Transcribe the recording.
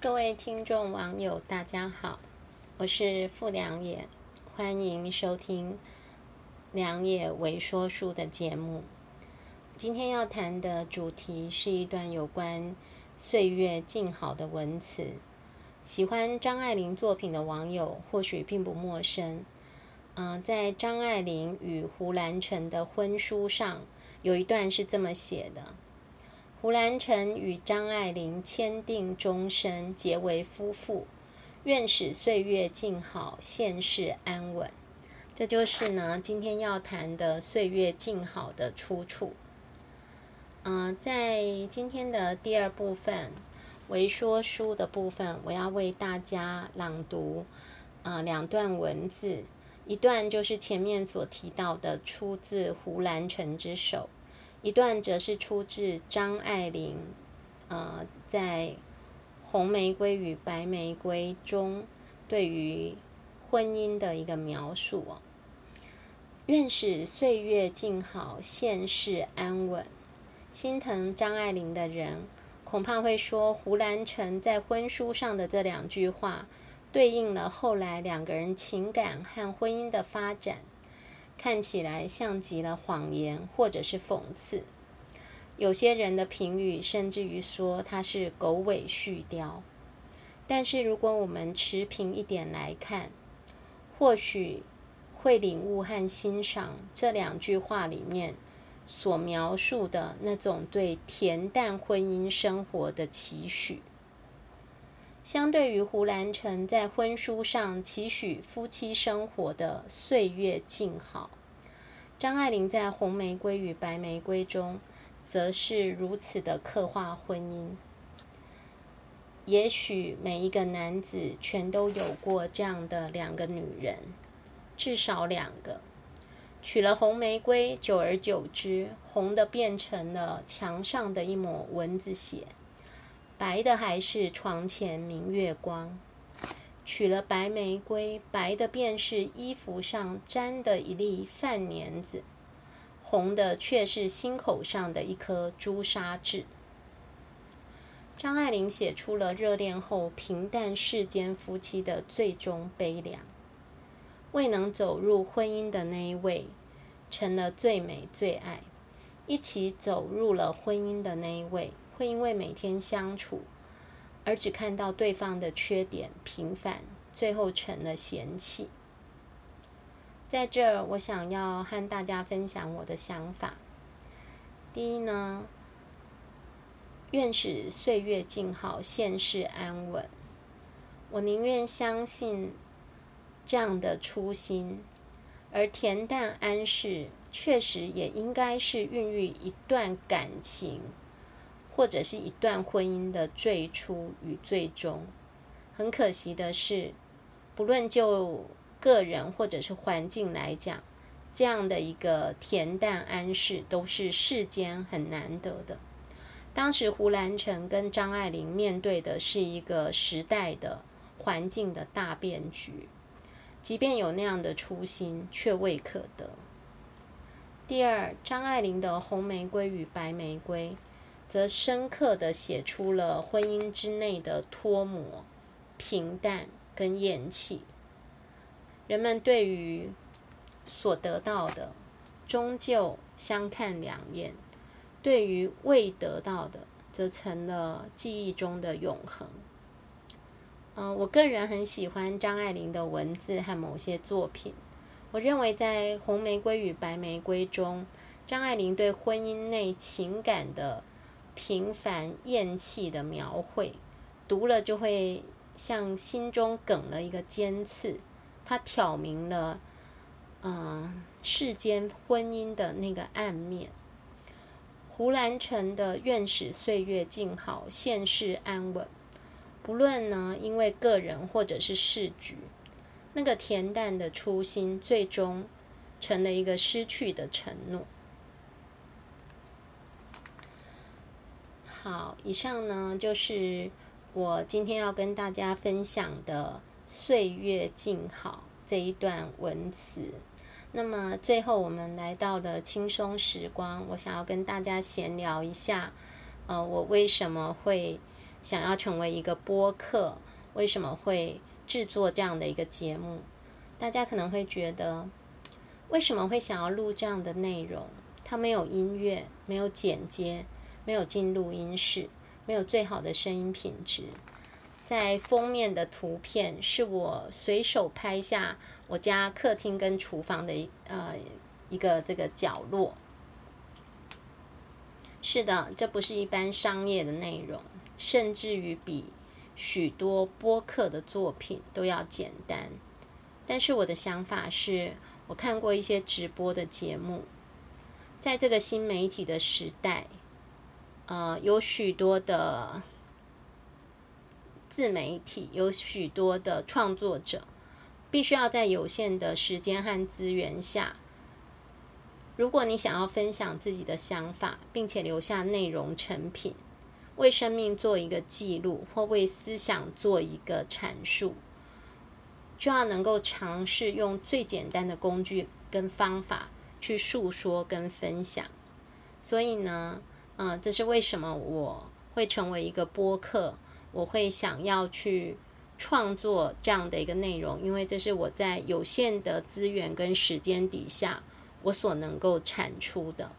各位聽眾網友，大家好，我是傅良也，歡迎收聽良也微說書的節目。今天要談的主題是一段有關歲月靜好的文詞。喜歡張愛玲作品的網友或許並不陌生。嗯、呃，在張愛玲與胡蘭成的婚書上，有一段是這麼寫的。胡蘭成與張愛玲簽訂終身，結為夫婦，願使歲月靜好，現世安穩。這就是呢，今天要談的“歲月靜好”的出處。呃，在今天的第二部分，微說書的部分，我要為大家朗讀，啊、呃，兩段文字，一段就是前面所提到的，出自胡蘭成之手。一段則是出自張愛玲，呃，在《紅玫瑰與白玫瑰》中對於婚姻的一個描述哦。願使歲月靜好，現世安穩。心疼張愛玲的人，恐怕會說胡蘭成在婚書上的這兩句話，對應了後來兩個人情感和婚姻的發展。看起來像極了謊言，或者是諷刺。有些人的評語甚至於說他是狗尾續貂。但是如果我們持平一點來看，或許會領悟和欣賞這兩句話裡面所描述的那種對恬淡婚姻生活的期許。相對於胡蘭成在婚書上期許夫妻生活的歲月靜好，張愛玲在《紅玫瑰與白玫瑰》中，則是如此的刻畫婚姻。也許每一個男子全都有過這樣的兩個女人，至少兩個。娶了紅玫瑰，久而久之，紅的變成了牆上的一抹蚊子血。白的還是床前明月光，娶了白玫瑰，白的便是衣服上沾的一粒飯黏子，紅的卻是心口上的一顆硃砂痣。張愛玲寫出了熱戀後平淡世間夫妻的最終悲涼，未能走入婚姻的那一位，成了最美最愛；一起走入了婚姻的那一位。會因為每天相處而只看到對方的缺點，平凡，最後成了嫌棄。在這兒，我想要和大家分享我的想法。第一呢，願使歲月靜好，現世安穩。我寧願相信這樣的初心，而恬淡安適確實也應該是孕育一段感情。或者是一段婚姻的最初與最終，很可惜的是，不論就個人或者是環境來講，這樣的一個恬淡安適都是世間很難得的。當時胡蘭成跟張愛玲面對的是一個時代的環境的大變局，即便有那樣的初心，卻未可得。第二，張愛玲的《紅玫瑰與白玫瑰》。則深刻的寫出了婚姻之內的拖磨、平淡跟厭棄。人們對於所得到的，終究相看兩厭；對於未得到的，則成了記憶中的永恆。呃，我個人很喜歡張愛玲的文字和某些作品。我認為在《紅玫瑰與白玫瑰》中，張愛玲對婚姻內情感的平凡厭棄的描繪，讀了就會像心中梗了一個尖刺。他挑明了，嗯、呃，世間婚姻的那個暗面。胡蘭成的願使歲月靜好，現世安穩，不論呢，因為個人或者是世局，那個恬淡的初心，最終成了一個失去的承諾。好，以上呢，就是我今天要跟大家分享的《歲月靜好》這一段文詞。那麼最後，我們來到了輕鬆時光，我想要跟大家閒聊一下。呃，我為什麼會想要成為一個播客？為什麼會制作這樣的一個節目？大家可能會覺得，為什麼會想要錄這樣的內容？它沒有音樂，沒有剪接。沒有進錄音室，沒有最好的聲音品質。在封面的圖片是我隨手拍下我家客廳跟廚房的一呃一個這個角落。是的，這不是一般商業的內容，甚至於比許多播客的作品都要簡單。但是我的想法是，我看過一些直播的節目，在這個新媒體的時代。呃，有許多的自媒體，有許多的創作者，必須要在有限的時間和資源下，如果你想要分享自己的想法，並且留下內容成品，為生命做一個記錄，或為思想做一個闡述，就要能夠嘗試用最簡單的工具跟方法去訴說跟分享。所以呢，啊，這是為什麼我會成為一個播客，我會想要去創作這樣的一個內容，因為這是我在有限的資源跟時間底下，我所能夠產出的。